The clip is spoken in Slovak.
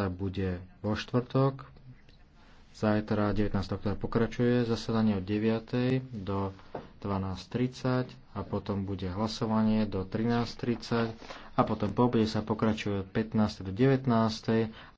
sa bude vo štvrtok. Zajtra 19. oktobra pokračuje zasadanie od 9. do 12.30 a potom bude hlasovanie do 13.30 a potom po obede sa pokračuje od 15. do 19.